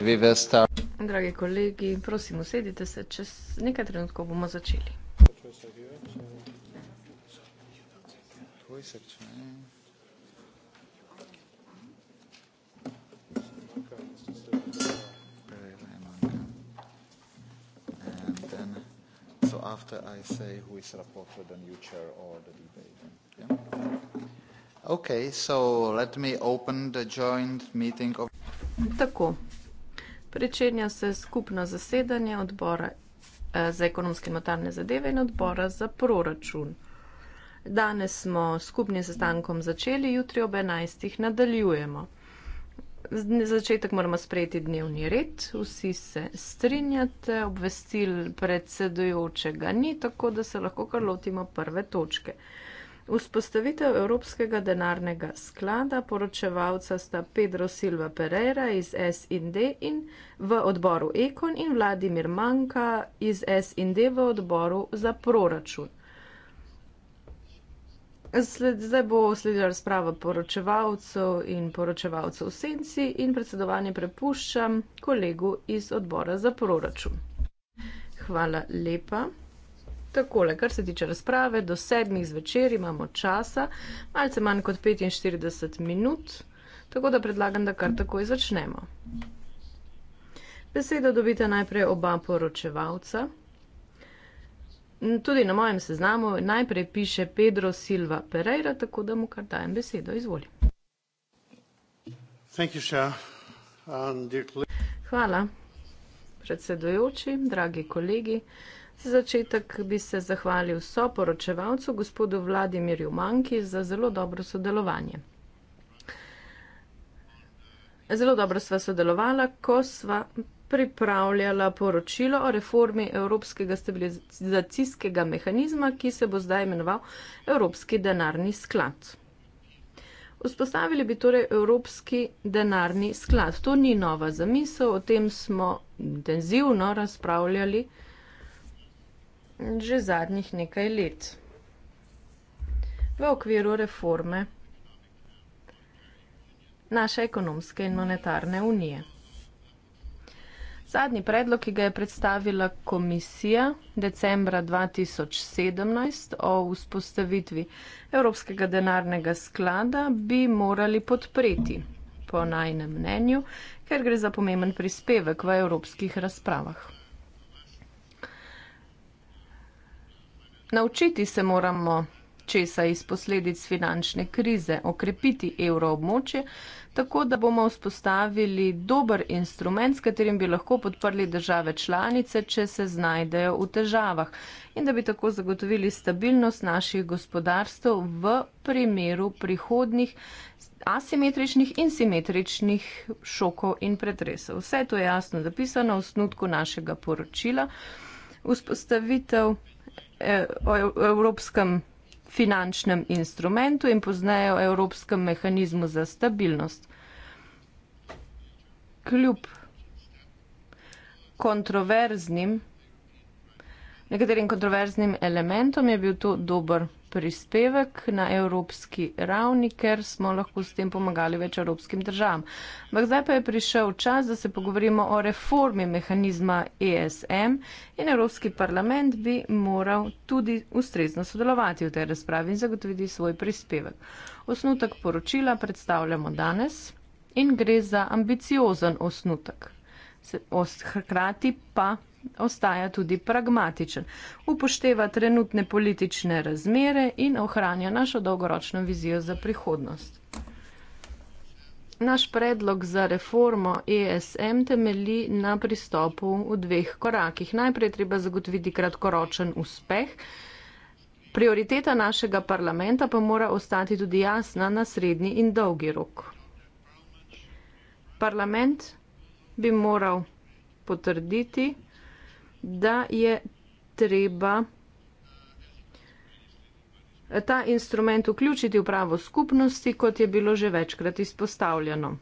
Vi veste. Dragi kolegi, prosim, usedite se, čez nekaj trenutkov bomo začeli. After I say who is rapporteur, then you chair or the debate. Yeah? Okay, so let me open the joint meeting of. Tako. Pričenja se skupno zasedanje odbora eh, za ekonomske in notarne zadeve in odbora za proračun. Danes smo skupni sestankom začeli, jutri ob 11. nadaljujemo. Začetek moramo sprejeti dnevni red, vsi se strinjate, obvestil predsedujočega ni, tako da se lahko kar lotimo prve točke. Vzpostavitev Evropskega denarnega sklada poročevalca sta Pedro Silva Pereira iz SND in v odboru Ekon in Vladimir Manka iz SND v odboru za proračun. Zdaj bo sledila razprava poročevalcev in poročevalcev v senci in predsedovanje prepuščam kolegu iz odbora za proračun. Hvala lepa. Takole, kar se tiče razprave, do sedmih zvečer imamo časa, malce manj kot 45 minut, tako da predlagam, da kar takoj začnemo. Besedo dobite najprej oba poročevalca. Tudi na mojem seznamu najprej piše Pedro Silva Pereira, tako da mu kar dajem besedo. Izvoli. Um, Hvala, predsedojoči, dragi kolegi. Za začetek bi se zahvalil soporočevalcu, gospodu Vladimirju Manki, za zelo dobro sodelovanje. Zelo dobro sva sodelovala, ko sva pripravljala poročilo o reformi Evropskega stabilizacijskega mehanizma, ki se bo zdaj imenoval Evropski denarni sklad. Vzpostavili bi torej Evropski denarni sklad. To ni nova zamisel, o tem smo intenzivno razpravljali že zadnjih nekaj let. V okviru reforme naše ekonomske in monetarne unije. Zadnji predlog, ki ga je predstavila komisija decembra 2017 o vzpostavitvi Evropskega denarnega sklada, bi morali podpreti, po najnem mnenju, ker gre za pomemben prispevek v evropskih razpravah. Naučiti se moramo česa iz posledic finančne krize, okrepiti evroobmočje, tako da bomo vzpostavili dober instrument, s katerim bi lahko podprli države članice, če se znajdejo v težavah in da bi tako zagotovili stabilnost naših gospodarstv v primeru prihodnih asimetričnih in simetričnih šokov in pretresov. Vse to je jasno zapisano v snutku našega poročila. Vzpostavitev Eh, o evropskem finančnem instrumentu in poznajo o evropskem mehanizmu za stabilnost. Kljub kontroverznim, nekaterim kontroverznim elementom je bil to dober prispevek na evropski ravni, ker smo lahko s tem pomagali več evropskim državam. Ampak zdaj pa je prišel čas, da se pogovorimo o reformi mehanizma ESM in Evropski parlament bi moral tudi ustrezno sodelovati v tej razpravi in zagotoviti svoj prispevek. Osnutek poročila predstavljamo danes in gre za ambiciozen osnutek. Hkrati pa ostaja tudi pragmatičen, upošteva trenutne politične razmere in ohranja našo dolgoročno vizijo za prihodnost. Naš predlog za reformo ESM temelji na pristopu v dveh korakih. Najprej treba zagotoviti kratkoročen uspeh. Prioriteta našega parlamenta pa mora ostati tudi jasna na srednji in dolgi rok. Parlament bi moral potrditi da je treba ta instrument vključiti v pravo skupnosti, kot je bilo že večkrat izpostavljeno.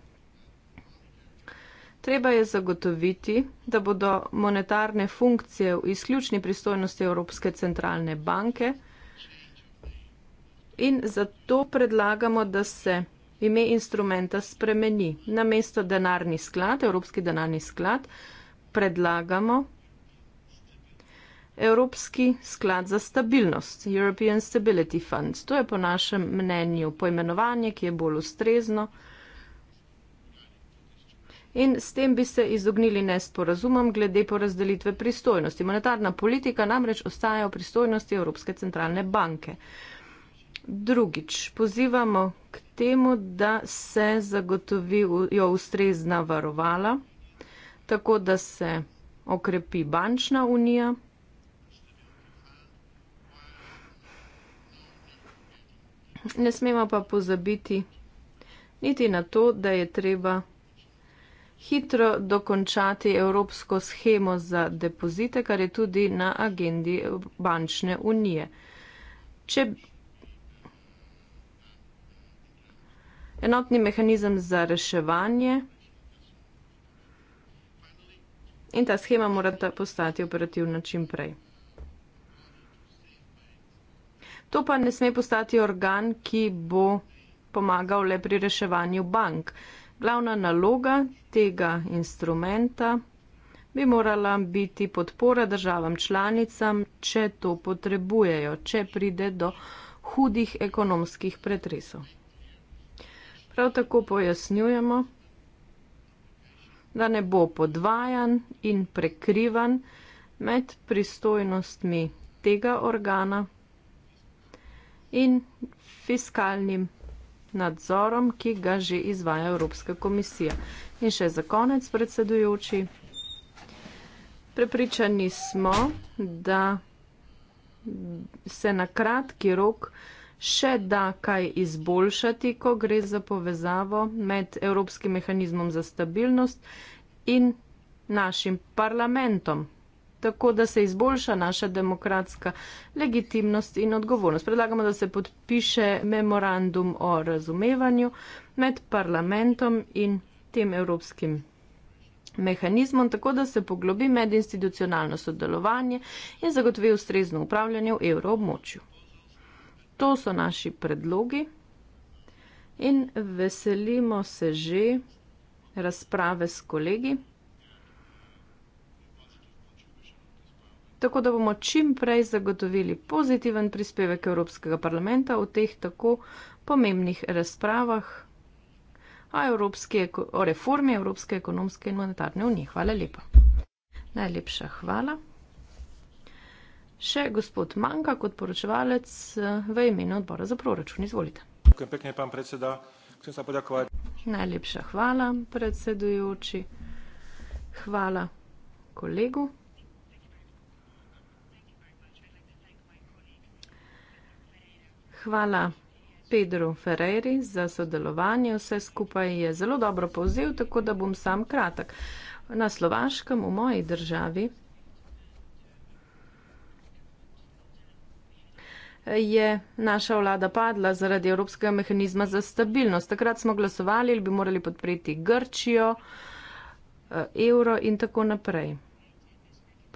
Treba je zagotoviti, da bodo monetarne funkcije v izključni pristojnosti Evropske centralne banke in zato predlagamo, da se ime instrumenta spremeni. Namesto denarni sklad, Evropski denarni sklad, predlagamo, Evropski sklad za stabilnost, European Stability Fund. To je po našem mnenju poimenovanje, ki je bolj ustrezno. In s tem bi se izognili nesporazumom glede porazdelitve pristojnosti. Monetarna politika namreč ostaja v pristojnosti Evropske centralne banke. Drugič, pozivamo k temu, da se zagotovijo ustrezna varovala, tako da se okrepi bančna unija. Ne smemo pa pozabiti niti na to, da je treba hitro dokončati evropsko schemo za depozite, kar je tudi na agendi bančne unije. Če enotni mehanizem za reševanje in ta schema mora postati operativna čim prej. To pa ne sme postati organ, ki bo pomagal le pri reševanju bank. Glavna naloga tega instrumenta bi morala biti podpora državam članicam, če to potrebujejo, če pride do hudih ekonomskih pretresov. Prav tako pojasnjujemo, da ne bo podvajan in prekrivan med pristojnostmi tega organa in fiskalnim nadzorom, ki ga že izvaja Evropska komisija. In še za konec, predsedujoči. Prepričani smo, da se na kratki rok še da kaj izboljšati, ko gre za povezavo med Evropskim mehanizmom za stabilnost in našim parlamentom tako da se izboljša naša demokratska legitimnost in odgovornost. Predlagamo, da se podpiše memorandum o razumevanju med parlamentom in tem evropskim mehanizmom, tako da se poglobi medinstitucionalno sodelovanje in zagotovi ustrezno upravljanje v evroobmočju. To so naši predlogi in veselimo se že razprave s kolegi. tako da bomo čim prej zagotovili pozitiven prispevek Evropskega parlamenta v teh tako pomembnih razpravah o, Evropske, o reformi Evropske ekonomske in monetarne unije. Hvala lepa. Najlepša hvala. Še gospod Manka kot poročevalec eh, v imenu odbora za proračun. Izvolite. Najlepša hvala, predsedujoči. Hvala kolegu. hvala Pedro Ferreri za sodelovanje. Vse skupaj je zelo dobro povzel, tako da bom sam kratek. Na Slovaškem, v moji državi, je naša vlada padla zaradi Evropskega mehanizma za stabilnost. Takrat smo glasovali, da bi morali podpreti Grčijo, eh, evro in tako naprej.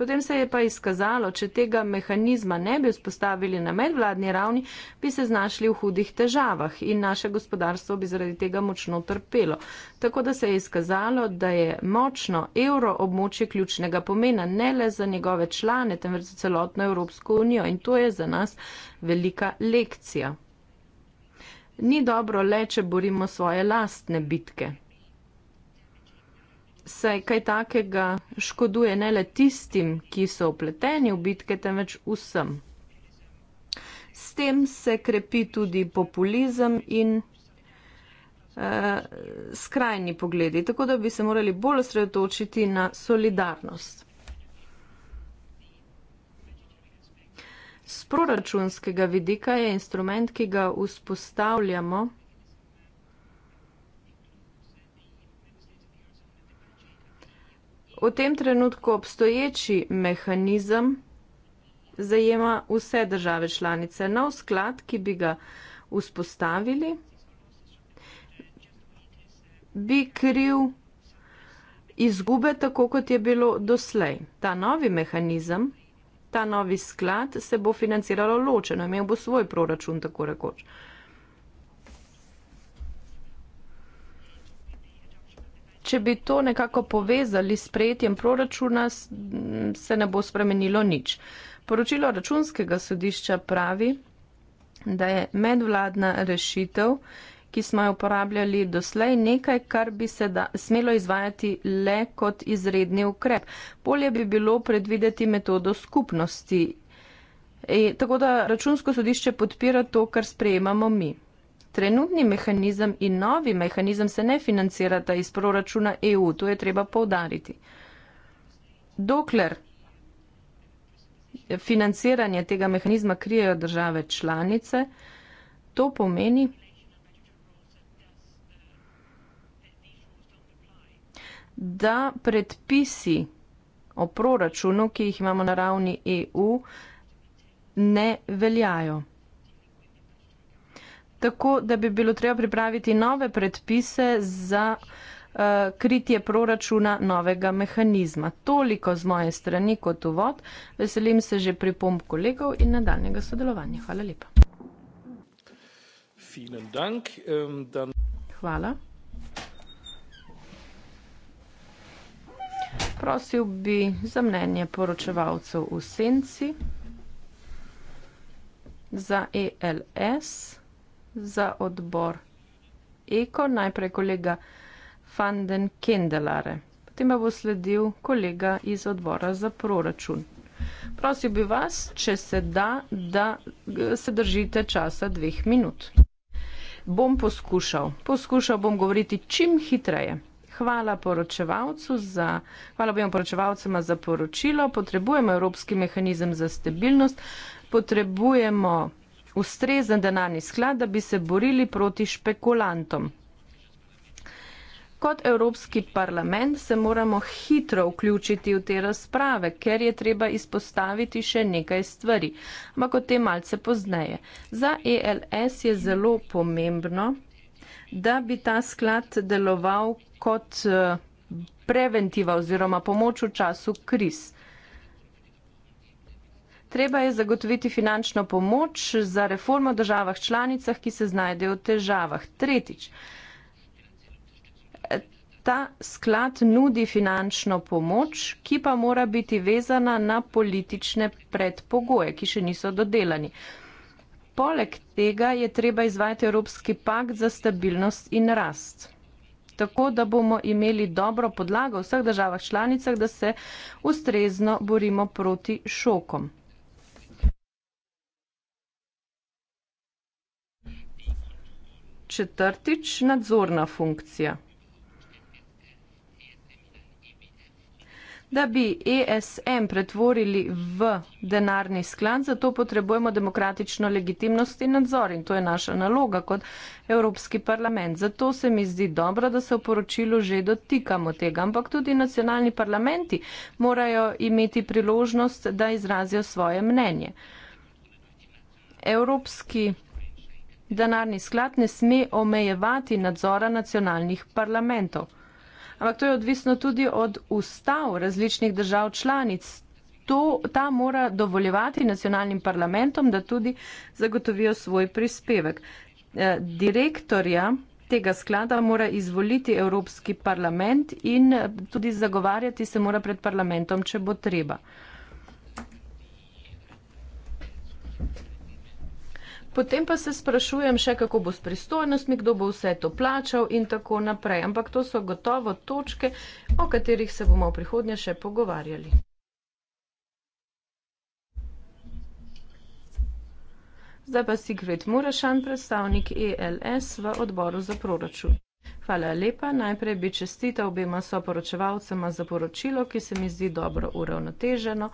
Potem se je pa izkazalo, če tega mehanizma ne bi vzpostavili na medvladni ravni, bi se znašli v hudih težavah in naše gospodarstvo bi zaradi tega močno trpelo. Tako da se je izkazalo, da je močno evro območje ključnega pomena ne le za njegove člane, temveč za celotno Evropsko unijo in to je za nas velika lekcija. Ni dobro le, če borimo svoje lastne bitke saj kaj takega škoduje ne le tistim, ki so upleteni v bitke, temveč vsem. S tem se krepi tudi populizem in eh, skrajni pogledi, tako da bi se morali bolj osredotočiti na solidarnost. Z proračunskega vidika je instrument, ki ga vzpostavljamo, v tem trenutku obstoječi mehanizem zajema vse države članice. Nov sklad, ki bi ga vzpostavili, bi kril izgube tako, kot je bilo doslej. Ta novi mehanizem, ta novi sklad se bo financiralo ločeno, imel bo svoj proračun, tako rekoč. če bi to nekako povezali s prejetjem proračuna, se ne bo spremenilo nič. Poročilo računskega sodišča pravi, da je medvladna rešitev, ki smo jo uporabljali doslej, nekaj, kar bi se da, smelo izvajati le kot izredni ukrep. Bolje bi bilo predvideti metodo skupnosti. E, tako da računsko sodišče podpira to, kar sprejemamo mi. Trenutni mehanizem in novi mehanizem se ne financirata iz proračuna EU, to je treba povdariti. Dokler financiranje tega mehanizma krijejo države članice, to pomeni, da predpisi o proračunu, ki jih imamo na ravni EU, ne veljajo tako da bi bilo treba pripraviti nove predpise za uh, kritje proračuna novega mehanizma. Toliko z moje strani kot uvod. Veselim se že pripomb kolegov in nadaljnega sodelovanja. Hvala lepa. Dank, um, ähm, dan... Hvala. Prosil bi za mnenje poročevalcev v senci za ELS za odbor Eko, najprej kolega Fanden Kendelare, potem pa bo sledil kolega iz odbora za proračun. Prosil bi vas, če se da, da se držite časa dveh minut. Bom poskušal. Poskušal bom govoriti čim hitreje. Hvala poročevalcu za, hvala bom poročevalcema za poročilo. Potrebujemo evropski mehanizem za stabilnost, potrebujemo ustrezen denarni sklad, da bi se borili proti špekulantom. Kot Evropski parlament se moramo hitro vključiti v te razprave, ker je treba izpostaviti še nekaj stvari, ampak o tem malce pozneje. Za ELS je zelo pomembno, da bi ta sklad deloval kot eh, preventiva oziroma pomoč v času kriz. Treba je zagotoviti finančno pomoč za reformo v državah članicah, ki se znajdejo v težavah. Tretjič, ta sklad nudi finančno pomoč, ki pa mora biti vezana na politične predpogoje, ki še niso dodelani. Poleg tega je treba izvajati Evropski pakt za stabilnost in rast. Tako, da bomo imeli dobro podlago v vseh državah članicah, da se ustrezno borimo proti šokom. četrtič nadzorna funkcija. Da bi ESM pretvorili v denarni sklad, zato potrebujemo demokratično legitimnost in nadzor in to je naša naloga kot Evropski parlament. Zato se mi zdi dobro, da se v poročilu že dotikamo tega, ampak tudi nacionalni parlamenti morajo imeti priložnost, da izrazijo svoje mnenje. Evropski denarni sklad ne sme omejevati nadzora nacionalnih parlamentov. Ampak to je odvisno tudi od ustav različnih držav članic. To, ta mora dovoljevati nacionalnim parlamentom, da tudi zagotovijo svoj prispevek. E, direktorja tega sklada mora izvoliti Evropski parlament in eh, tudi zagovarjati se mora pred parlamentom, če bo treba. Potem pa se sprašujem še, kako bo s pristojnostmi, kdo bo vse to plačal in tako naprej. Ampak to so gotovo točke, o katerih se bomo v prihodnje še pogovarjali. Zdaj pa Sigrid Murašan, predstavnik ELS v odboru za proračun. Hvala lepa. Najprej bi čestital obema soporočevalcema za poročilo, ki se mi zdi dobro uravnoteženo.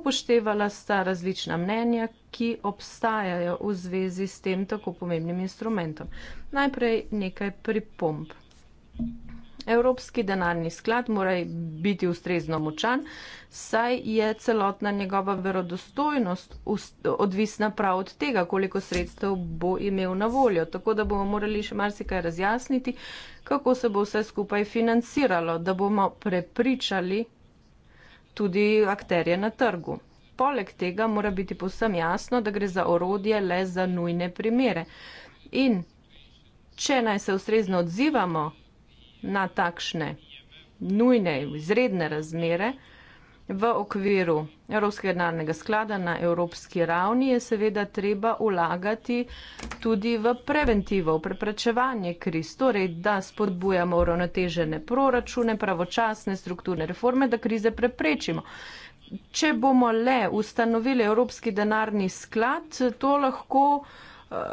Upoštevala sta različna mnenja, ki obstajajo v zvezi s tem tako pomembnim instrumentom. Najprej nekaj pripomb. Evropski denarni sklad mora biti ustrezno močan, saj je celotna njegova verodostojnost odvisna prav od tega, koliko sredstev bo imel na voljo. Tako da bomo morali še marsikaj razjasniti, kako se bo vse skupaj financiralo, da bomo prepričali tudi akterje na trgu. Poleg tega mora biti povsem jasno, da gre za orodje le za nujne primere. In če naj se ustrezno odzivamo, na takšne nujne, izredne razmere v okviru Evropskega denarnega sklada na evropski ravni je seveda treba ulagati tudi v preventivo, v preprečevanje kriz, torej da spodbujamo uravnotežene proračune, pravočasne strukturne reforme, da krize preprečimo. Če bomo le ustanovili Evropski denarni sklad, to lahko eh,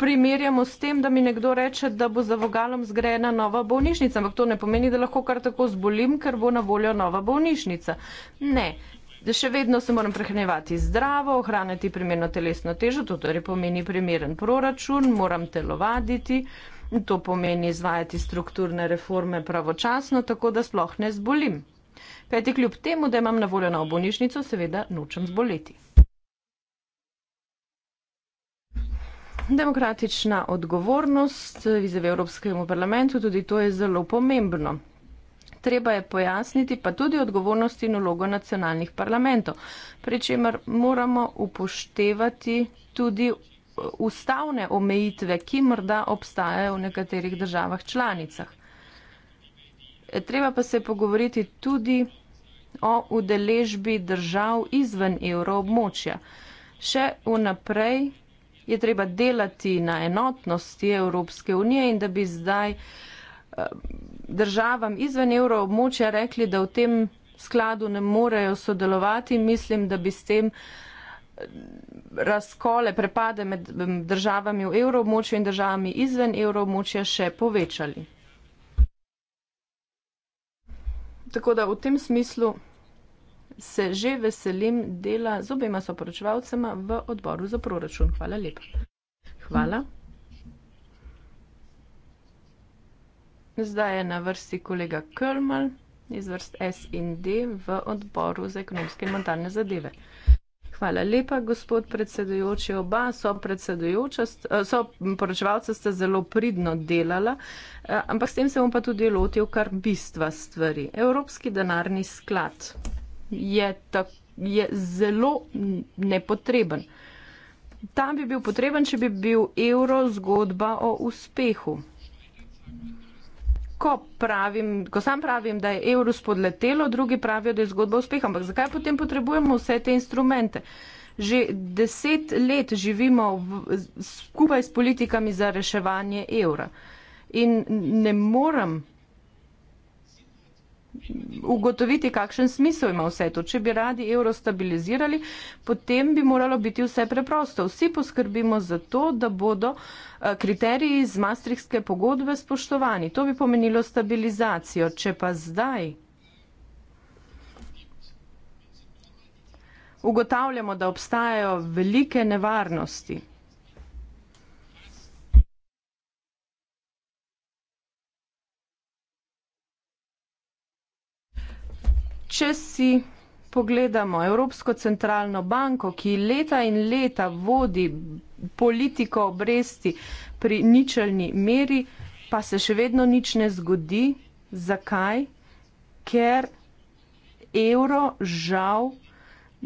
primerjamo s tem, da mi nekdo reče, da bo za vogalom zgrajena nova bolnišnica, ampak to ne pomeni, da lahko kar tako zbolim, ker bo na voljo nova bolnišnica. Ne. Da še vedno se moram prehranjevati zdravo, ohraniti primerno telesno težo, to torej pomeni primeren proračun, moram telovaditi, to pomeni izvajati strukturne reforme pravočasno, tako da sploh ne zbolim. Kajti kljub temu, da imam na voljo novo bolnišnico, seveda nočem zboleti. demokratična odgovornost vizave Evropskemu parlamentu, tudi to je zelo pomembno. Treba je pojasniti pa tudi odgovornost in vlogo nacionalnih parlamentov, pri čemer moramo upoštevati tudi uh, ustavne omejitve, ki morda obstajajo v nekaterih državah članicah. Treba pa se pogovoriti tudi o udeležbi držav izven evroobmočja. Še vnaprej je treba delati na enotnosti Evropske unije in da bi zdaj eh, državam izven evroobmočja rekli, da v tem skladu ne morejo sodelovati. Mislim, da bi s tem eh, razkole, prepade med državami v evroobmočju in državami izven evroobmočja še povečali. Tako da v tem smislu se že veselim dela z obema soporočevalcema v odboru za proračun. Hvala lepa. Hvala. Zdaj je na vrsti kolega Krmal iz vrst S in D v odboru za ekonomske in mandarne zadeve. Hvala lepa, gospod predsedujoči. Oba eh, soporočevalca ste zelo pridno delala, eh, ampak s tem se bom pa tudi lotil kar bistva stvari. Evropski denarni sklad je, ta, je zelo nepotreben. Ta bi bil potreben, če bi bil evro zgodba o uspehu. Ko, pravim, ko sam pravim, da je evro spodletelo, drugi pravijo, da je zgodba o uspehu. Ampak zakaj potem potrebujemo vse te instrumente? Že deset let živimo v, skupaj s politikami za reševanje evra. In ne morem ugotoviti, kakšen smisel ima vse to. Če bi radi evro stabilizirali, potem bi moralo biti vse preprosto. Vsi poskrbimo za to, da bodo eh, kriteriji iz Maastrichtske pogodbe spoštovani. To bi pomenilo stabilizacijo. Če pa zdaj ugotavljamo, da obstajajo velike nevarnosti, če si pogledamo Evropsko centralno banko, ki leta in leta vodi politiko obresti pri ničelni meri, pa se še vedno nič ne zgodi. Zakaj? Ker evro žal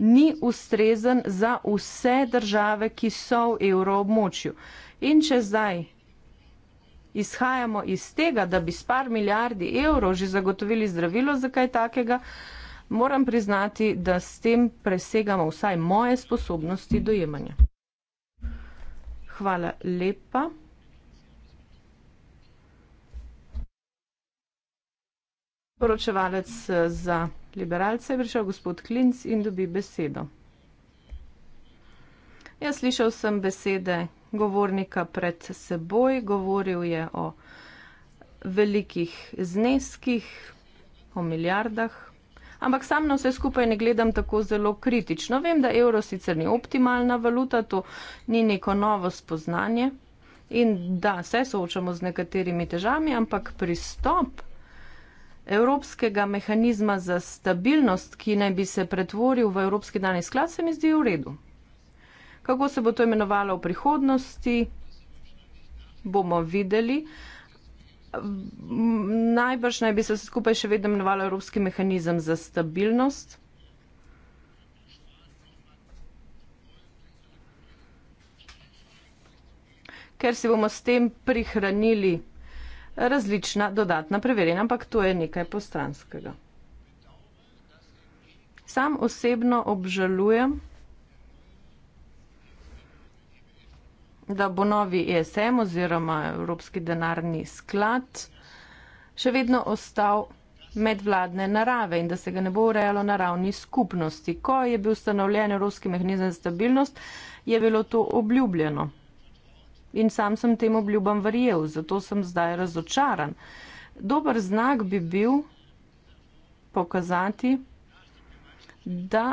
ni ustrezen za vse države, ki so v evroobmočju. In če zdaj izhajamo iz tega, da bi s par milijardi evrov že zagotovili zdravilo za kaj takega, moram priznati, da s tem presegamo vsaj moje sposobnosti dojemanja. Hvala lepa. Poročevalec eh, za liberalce je prišel gospod Klinc in dobi besedo. Jaz slišal sem besede govornika pred seboj, govoril je o velikih zneskih, o milijardah. Ampak sam na vse skupaj ne gledam tako zelo kritično. Vem, da evro sicer ni optimalna valuta, to ni neko novo spoznanje in da se soočamo z nekaterimi težami, ampak pristop evropskega mehanizma za stabilnost, ki naj bi se pretvoril v evropski danes sklad, se mi zdi v redu. Kako se bo to imenovalo v prihodnosti, bomo videli. Najbrž naj bi se skupaj še vedno imenovalo Evropski mehanizem za stabilnost. Ker si bomo s tem prihranili različna dodatna preverjanja, ampak to je nekaj postranskega. Sam osebno obžalujem, da bo novi ESM oziroma Evropski denarni sklad še vedno ostal medvladne narave in da se ga ne bo urejalo na ravni skupnosti. Ko je bil ustanovljen Evropski mehanizem za stabilnost, je bilo to obljubljeno. In sam sem tem obljubam verjel, zato sem zdaj razočaran. Dober znak bi bil pokazati, da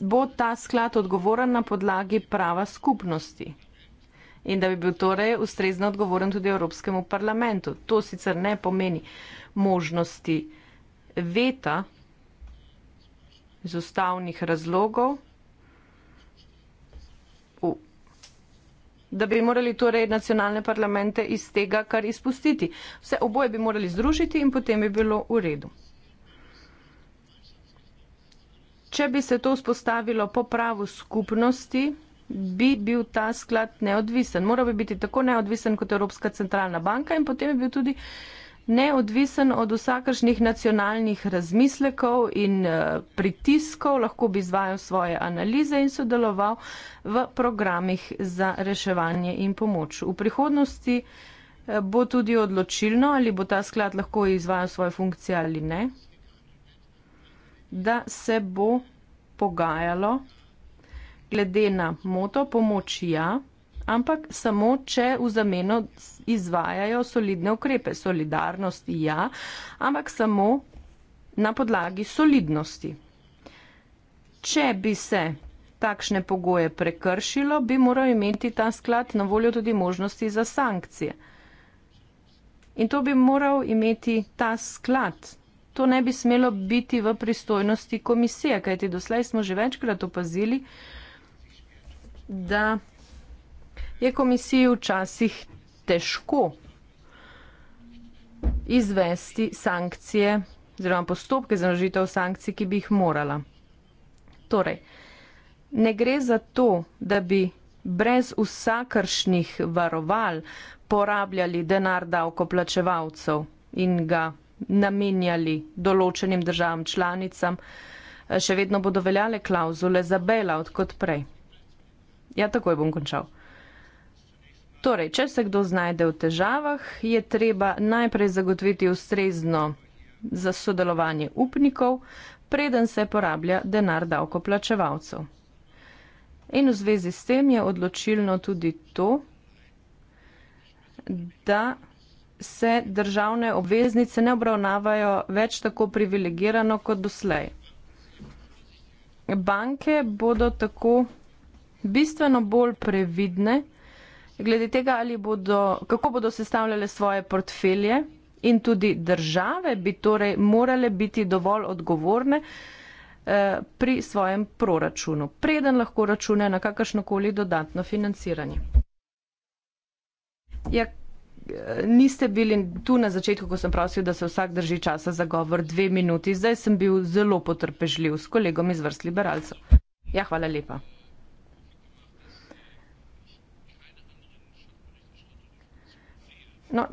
bo ta sklad odgovoren na podlagi prava skupnosti in da bi bil torej ustrezno odgovoren tudi Evropskemu parlamentu. To sicer ne pomeni možnosti veta iz ustavnih razlogov, da bi morali torej nacionalne parlamente iz tega kar izpustiti. Vse oboje bi morali združiti in potem bi bilo v redu. Če bi se to spostavilo po pravu skupnosti, bi bil ta sklad neodvisen. Moral bi biti tako neodvisen kot Evropska centralna banka in potem bi bil tudi neodvisen od vsakršnih nacionalnih razmislekov in eh, pritiskov, lahko bi izvajal svoje analize in sodeloval v programih za reševanje in pomoč. V prihodnosti eh, bo tudi odločilno, ali bo ta sklad lahko izvajal svoje funkcije ali ne, da se bo pogajalo glede na moto pomoč ja, ampak samo, če v zameno izvajajo solidne ukrepe. Solidarnosti ja, ampak samo na podlagi solidnosti. Če bi se takšne pogoje prekršilo, bi moral imeti ta sklad na voljo tudi možnosti za sankcije. In to bi moral imeti ta sklad. To ne bi smelo biti v pristojnosti komisije, kajti doslej smo že večkrat opazili, da je komisiji včasih težko izvesti sankcije oziroma postopke za nažitev sankcij, ki bi jih morala. Torej, ne gre za to, da bi brez vsakršnih varoval porabljali denar davkoplačevalcev in ga namenjali določenim državam članicam, še vedno bodo veljale klauzule za bailout kot prej. Ja, takoj bom končal. Torej, če se kdo znajde v težavah, je treba najprej zagotoviti ustrezno za sodelovanje upnikov, preden se porablja denar davkoplačevalcev. In v zvezi s tem je odločilno tudi to, da se državne obveznice ne obravnavajo več tako privilegirano kot doslej. Banke bodo tako bistveno bolj previdne glede tega, bodo, kako bodo sestavljale svoje portfelje in tudi države bi torej morale biti dovolj odgovorne eh, pri svojem proračunu, preden lahko račune na kakršnokoli dodatno financiranje. Ja, niste bili tu na začetku, ko sem prosil, da se vsak drži časa za govor dve minuti. Zdaj sem bil zelo potrpežljiv s kolegom iz vrst liberalcev. Ja, hvala lepa. No,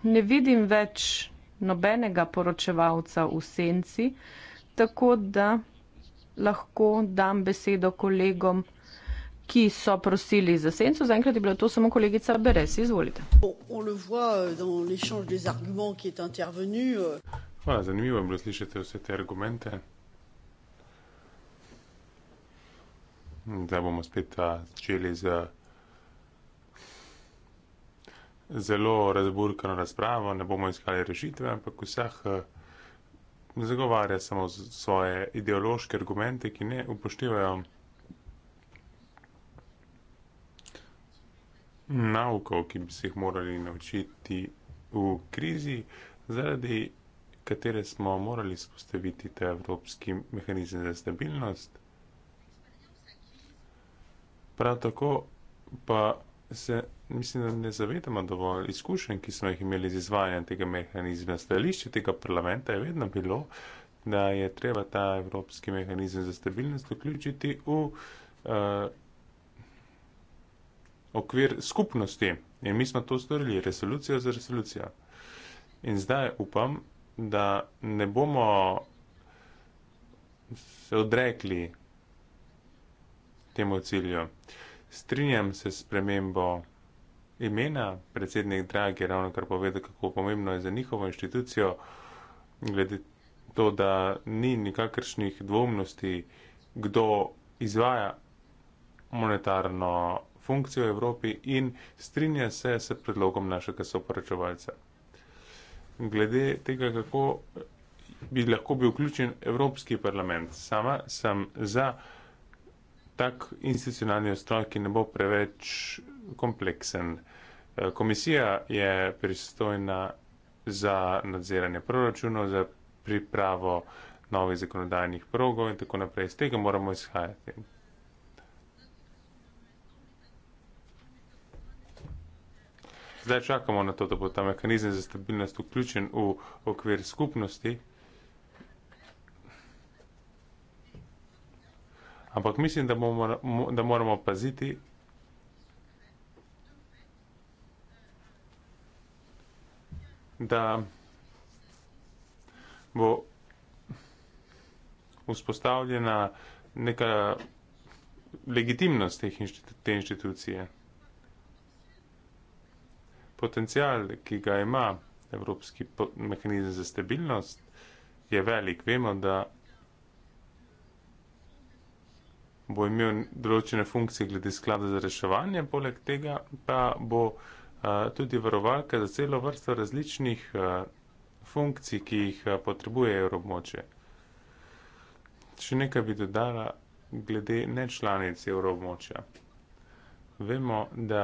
ne vidim več nobenega poročevalca v senci, tako da lahko dam besedo kolegom, ki so prosili za senco. Zaenkrat je bila to samo kolegica Beres. Izvolite. Euh, euh. Hvala, zanimivo je bilo slišati vse te argumente. Zdaj bomo spet začeli z. Za zelo razburkano razpravo, ne bomo iskali rešitve, ampak vsak eh, zagovarja samo svoje ideološke argumente, ki ne upoštevajo naukov, ki bi se jih morali naučiti v krizi, zaradi katere smo morali spostaviti ta evropski mehanizem za stabilnost. Prav tako pa se mislim, da ne zavedamo dovolj izkušenj, ki smo jih imeli z izvajanjem tega mehanizma. Stališče tega parlamenta je vedno bilo, da je treba ta evropski mehanizem za stabilnost vključiti v uh, okvir skupnosti. In mi smo to storili resolucijo za resolucijo. In zdaj upam, da ne bomo se odrekli temu cilju. Strinjam se s premembo imena. Predsednik Dragi je ravno kar povedal, kako pomembno je za njihovo inštitucijo, glede to, da ni nikakršnih dvomnosti, kdo izvaja monetarno funkcijo v Evropi in strinja se s predlogom našega soporočevalca. Glede tega, kako bi lahko bil vključen Evropski parlament, sama sem za tak institucionalni ustroj, ki ne bo preveč kompleksen. Eh, komisija je pristojna za nadziranje proračuna, za pripravo novih zakonodajnih progov in tako naprej. Z tega moramo izhajati. Zdaj čakamo na to, da bo ta mehanizem za stabilnost vključen v okvir skupnosti. Ampak mislim, da, bomo, da moramo paziti, da bo vzpostavljena neka legitimnost te inštitucije. Potencijal, ki ga ima Evropski mehanizem za stabilnost, je velik. Vemo, da bo imel določene funkcije glede sklada za reševanje, poleg tega pa bo uh, tudi varovalka za celo vrsto različnih funkcij, ki jih potrebuje evroobmočje. Še nekaj bi dodala glede nečlanic evroobmočja. Vemo, da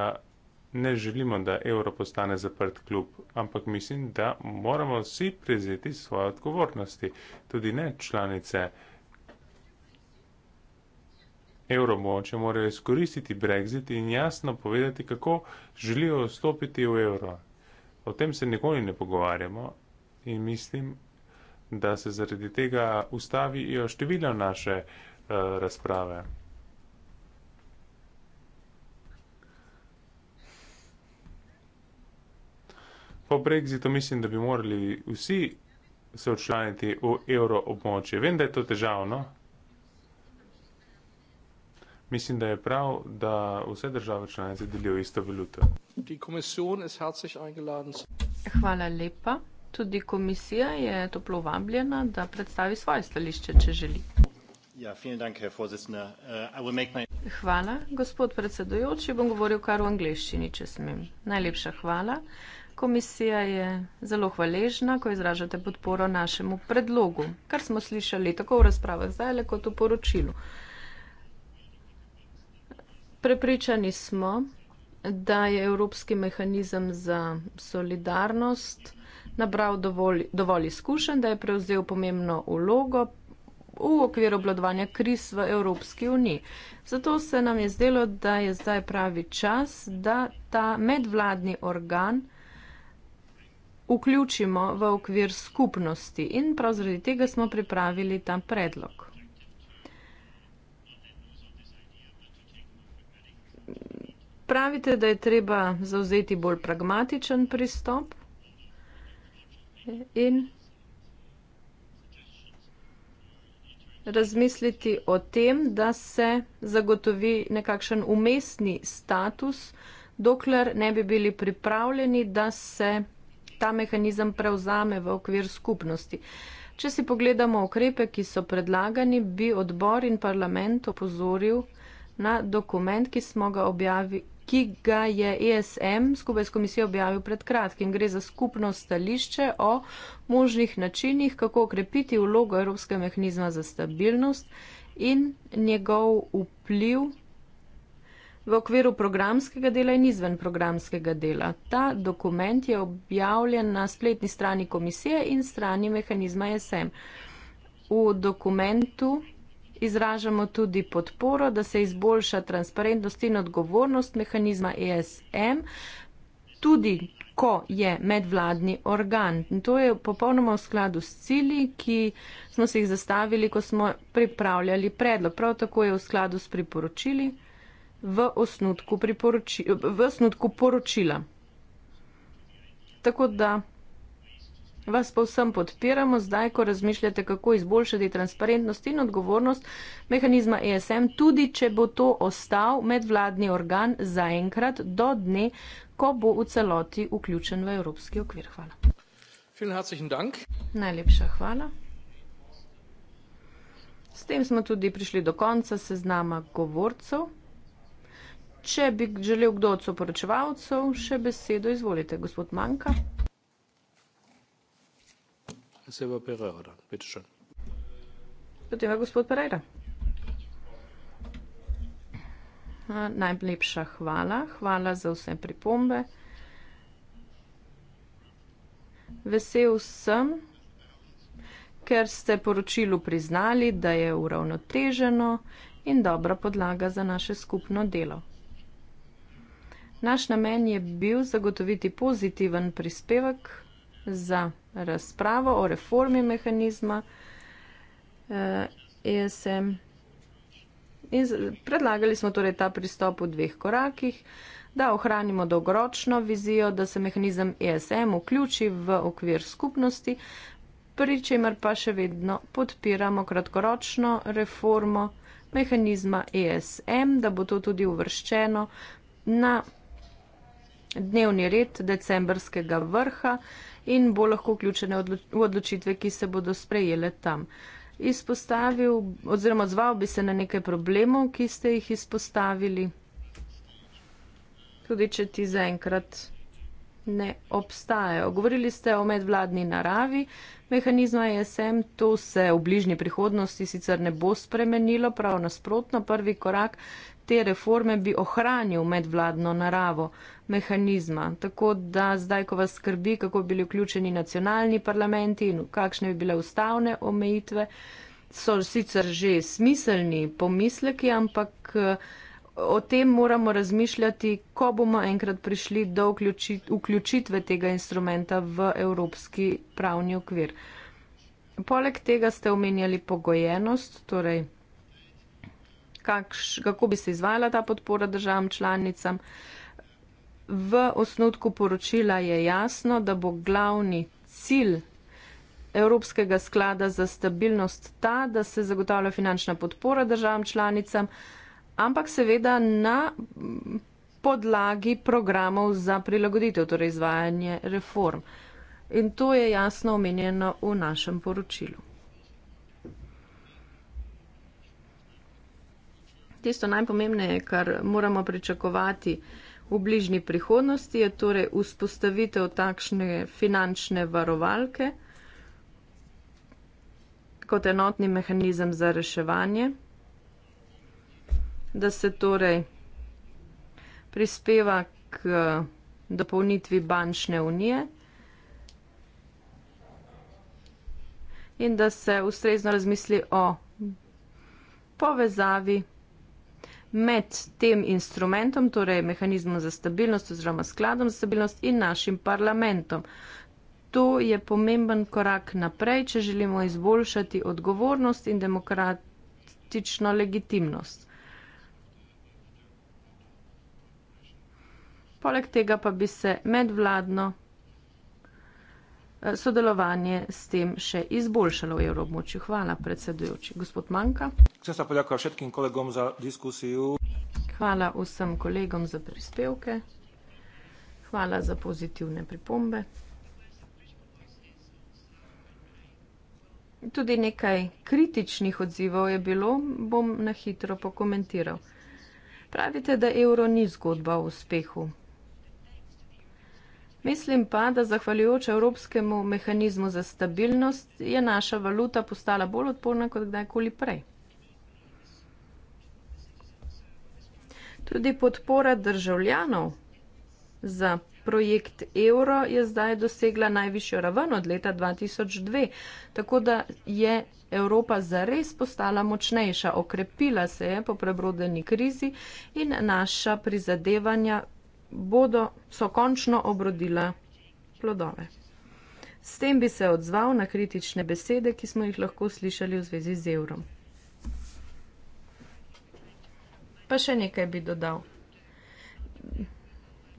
ne želimo, da evro postane zaprt klub, ampak mislim, da moramo vsi prezeti svoje odgovornosti. Tudi nečlanice evroobmočja evromoče morajo izkoristiti brexit in jasno povedati, kako želijo vstopiti v evro. O tem se nikoli ne pogovarjamo in mislim, da se zaradi tega ustavijo število naše uh, razprave. Po brexitu mislim, da bi morali vsi se odšlaniti v evroobmočje. Vem, da je to težavno. Mislim, da je prav, da vse države članice delijo isto valuto. Hvala lepa. Tudi komisija je toplo vabljena, da predstavi svoje stališče, če želi. Ja, uh, hvala, gospod predsedujoči. Bom govoril kar v angleščini, če smem. Najlepša hvala. Komisija je zelo hvaležna, ko izražate podporo našemu predlogu, kar smo slišali tako v razpravah zdaj, kot v poročilu. Prepričani smo, da je Evropski mehanizem za solidarnost nabral dovolj, dovolj izkušenj, da je prevzel pomembno ulogo v okviru obladovanja kriz v Evropski uniji. Zato se nam je zdelo, da je zdaj pravi čas, da ta medvladni organ vključimo v okvir skupnosti in prav zaradi tega smo pripravili ta predlog. pravite, da je treba zauzeti bolj pragmatičen pristop in razmisliti o tem, da se zagotovi nekakšen umestni status, dokler ne bi bili pripravljeni, da se ta mehanizem prevzame v okvir skupnosti. Če si pogledamo ukrepe, ki so predlagani, bi odbor in parlament opozoril na dokument, ki smo ga objavi, ki ga je ESM skupaj s komisijo objavil pred kratkim. Gre za skupno stališče o možnih načinih, kako okrepiti vlogo Evropskega mehanizma za stabilnost in njegov vpliv v okviru programskega dela in izven programskega dela. Ta dokument je objavljen na spletni strani komisije in strani mehanizma ESM. V dokumentu Izražamo tudi podporo, da se izboljša transparentnost in odgovornost mehanizma ESM, tudi ko je medvladni organ. In to je popolnoma v skladu s cilji, ki smo si jih zastavili, ko smo pripravljali predlog. Prav tako je v skladu s priporočili v osnutku, v osnutku poročila. Tako da. Vas pa vsem podpiramo zdaj, ko razmišljate, kako izboljšati transparentnost in odgovornost mehanizma ESM, tudi če bo to ostal medvladni organ zaenkrat do dne, ko bo v celoti vključen v evropski okvir. Hvala. Najlepša hvala. S tem smo tudi prišli do konca seznama govorcev. Če bi želel kdo od soporočevalcev še besedo, izvolite, gospod Manka. Silva Pereira dann. Bitte schön. Bitte, Herr Gospod Pereira. Najlepša hvala. Hvala za vse pripombe. Vesel sem, ker ste poročilu priznali, da je uravnoteženo in dobra podlaga za naše skupno delo. Naš namen je bil zagotoviti pozitiven prispevek za razpravo o reformi mehanizma uh, ESM. In predlagali smo torej ta pristop v dveh korakih, da ohranimo dolgoročno vizijo, da se mehanizem ESM vključi v okvir skupnosti, pri čemer pa še vedno podpiramo kratkoročno reformo mehanizma ESM, da bo to tudi uvrščeno na dnevni red decembrskega vrha, in bo lahko vključene v odločitve, ki se bodo sprejele tam. Izpostavil oziroma odzval bi se na nekaj problemov, ki ste jih izpostavili, tudi če ti zaenkrat ne obstajajo. Govorili ste o medvladni naravi mehanizma ESM, to se v bližnji prihodnosti sicer ne bo spremenilo, prav nasprotno, prvi korak te reforme bi ohranil medvladno naravo mehanizma. Tako da zdaj, ko vas skrbi, kako bi bili vključeni nacionalni parlamenti in kakšne bi bile ustavne omejitve, so sicer že smiselni pomisleki, ampak eh, o tem moramo razmišljati, ko bomo enkrat prišli do vključitve tega instrumenta v evropski pravni okvir. Poleg tega ste omenjali pogojenost, torej kakš, kako bi se izvajala ta podpora državam članicam. V osnutku poročila je jasno, da bo glavni cilj Evropskega sklada za stabilnost ta, da se zagotavlja finančna podpora državam članicam, ampak seveda na podlagi programov za prilagoditev, torej izvajanje reform. In to je jasno omenjeno v našem poročilu. Tisto najpomembnejše, kar moramo pričakovati v bližnji prihodnosti, je torej vzpostavitev takšne finančne varovalke kot enotni mehanizem za reševanje, da se torej prispeva k dopolnitvi bančne unije. In da se ustrezno razmisli o povezavi med tem instrumentom, torej mehanizmom za stabilnost oziroma skladom za stabilnost in našim parlamentom. To je pomemben korak naprej, če želimo izboljšati odgovornost in demokratično legitimnost. Poleg tega pa bi se medvladno Eh, sodelovanje s tem še izboljšalo v evroobmočju. Hvala, predsedujoči. Gospod Manka. Hvala vsem kolegom za prispevke. Hvala za pozitivne pripombe. Tudi nekaj kritičnih odzivov je bilo, bom na hitro pokomentiral. Pravite, da evro ni zgodba o uspehu. Mislim pa, da zahvaljujoč Evropskemu mehanizmu za stabilnost je naša valuta postala bolj odporna kot kdajkoli prej. Tudi podpora državljanov za projekt evro je zdaj dosegla najvišjo raven od leta 2002, tako da je Evropa zares postala močnejša, okrepila se je po prebrodeni krizi in naša prizadevanja bodo, so končno obrodila plodove. S tem bi se odzval na kritične besede, ki smo jih lahko slišali v zvezi z evrom. Pa še nekaj bi dodal.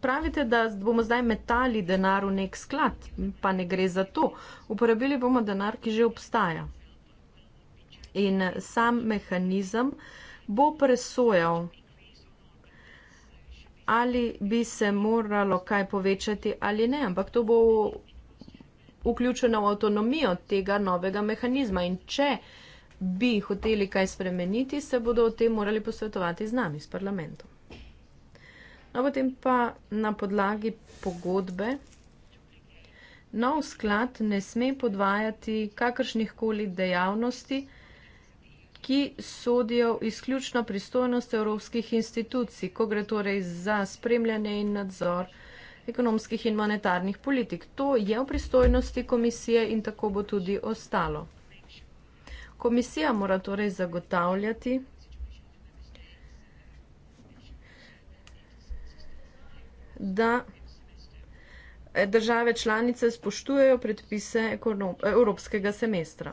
Pravite, da bomo zdaj metali denar v nek sklad, pa ne gre za to. Uporabili bomo denar, ki že obstaja. In sam mehanizem bo presojal, ali bi se moralo kaj povečati ali ne, ampak to bo vključeno v avtonomijo tega novega mehanizma in če bi hoteli kaj spremeniti, se bodo o tem morali posvetovati z nami, s parlamentom. No, potem pa na podlagi pogodbe. Nov sklad ne sme podvajati kakršnih koli dejavnosti, ki sodijo izključno pristojnost evropskih institucij, ko gre torej za spremljanje in nadzor ekonomskih in monetarnih politik. To je v pristojnosti komisije in tako bo tudi ostalo. Komisija mora torej zagotavljati, da države članice spoštujejo predpise ekonom, evropskega semestra.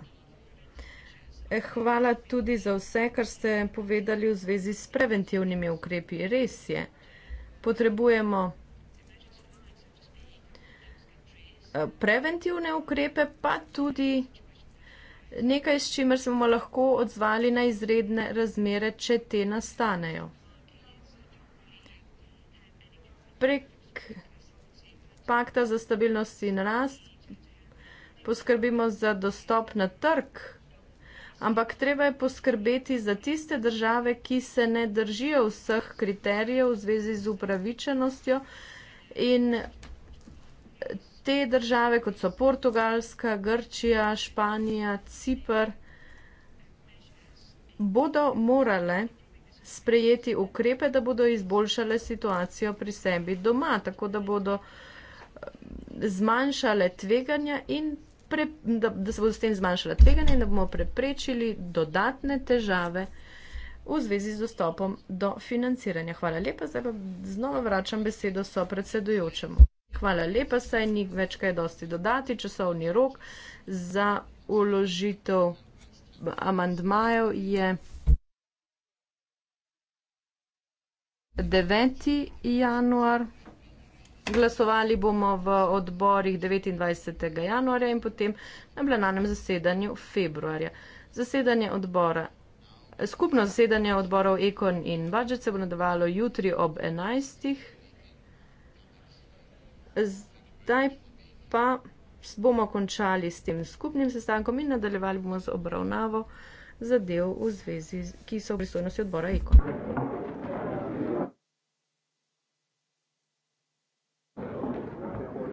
Hvala tudi za vse, kar ste povedali v zvezi s preventivnimi ukrepi. Res je. Potrebujemo eh, preventivne ukrepe, pa tudi nekaj, s čimer se bomo lahko odzvali na izredne razmere, če te nastanejo. Prek pakta za stabilnost in rast poskrbimo za dostop na trg ampak treba je poskrbeti za tiste države, ki se ne držijo vseh kriterijev v zvezi z upravičenostjo in te države, kot so Portugalska, Grčija, Španija, Cipr, bodo morale sprejeti ukrepe, da bodo izboljšale situacijo pri sebi doma, tako da bodo eh, zmanjšale tveganja in pre, da, da se bodo s tem zmanjšala tveganja in da bomo preprečili dodatne težave v zvezi z dostopom do financiranja. Hvala lepa, zdaj pa znova vračam besedo so predsedujočemu. Hvala lepa, saj ni več kaj dosti dodati, časovni rok za uložitev amandmajev je 9. januar glasovali bomo v odborih 29. januarja in potem na plenarnem zasedanju februarja. Zasedanje odbora, skupno zasedanje odborov Ekon in Budžet se bo nadaljevalo jutri ob 11. Zdaj pa bomo končali s tem skupnim sestankom in nadaljevali bomo z obravnavo zadev v zvezi, ki so v pristojnosti odbora Ekon.